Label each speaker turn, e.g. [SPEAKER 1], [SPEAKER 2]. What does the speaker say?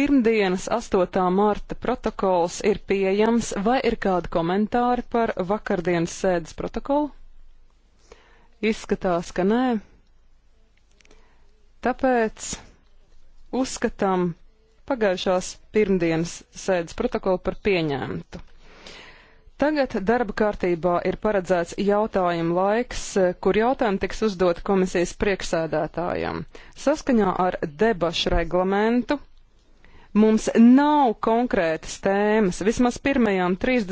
[SPEAKER 1] Pirmdienas 8. marta protokols ir pieejams, vai ir kādi komentāri par vakardienas sēdes protokolu? Izskatās, ka nē. Tāpēc uzskatām pagājušās pirmdienas sēdes protokolu par pieņemtu. Tagad darba kārtībā ir paredzēts jautājumu laiks, kur jautājumi tiks uzdot komisijas priekšsēdētājam. Saskaņā ar debašu reglamentu Mums nav konkrētas
[SPEAKER 2] tēmas, vismaz pirmajām 30.